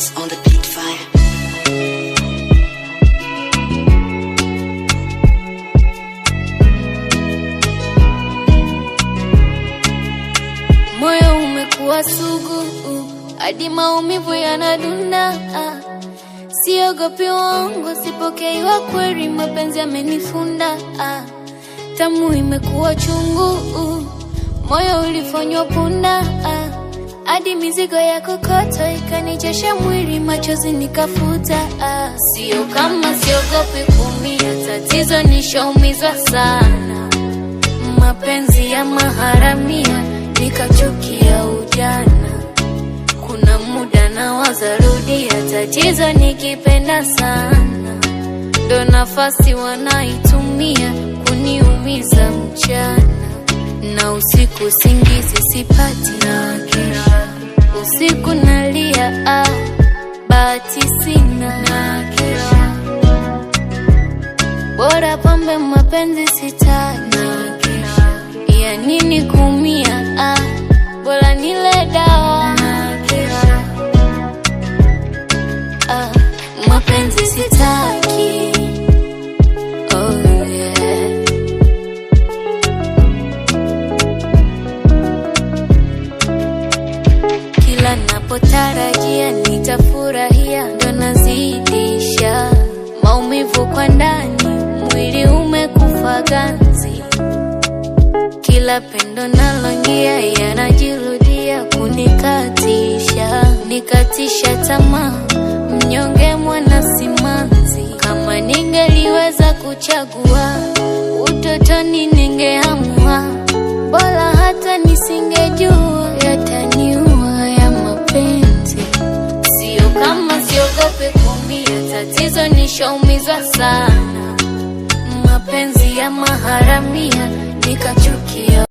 dance on the beat fire. Moyo umekuwa sugu hadi maumivu yanaduna. Siogopi waongo, sipokei wa kweli, mapenzi yamenifunda. Tamu imekuwa chungu, moyo ulifanywa punda hadi mizigo ya kokoto ikani nicheshe mwili machozi nikafuta ah. Sio kama siogopi kumia, tatizo nishaumizwa sana, mapenzi ya maharamia nikachukia ujana. Kuna muda na ya tatizo nikipenda sana, ndo nafasi wanaitumia kuniumiza mchana na usiku, singizi sipati na kesha usiku na ah, bahati sina nakera, bora pambe mapenzi sitana kesha, ya nini kumia ah, bora nile dawa nakera, ah, mapenzi sitaki nisipotarajia nitafurahia, ndo nazidisha maumivu kwa ndani, mwili umekufa ganzi. Kila pendo nalongia yanajirudia kunikatisha, nikatisha tamaa, mnyonge mwana simanzi. Kama ningeliweza kuchagua utotoni, ningeamua bola hata nisingejua. usiogope kumia, tatizo nishaumizwa sana, mapenzi ya maharamia nikachukia.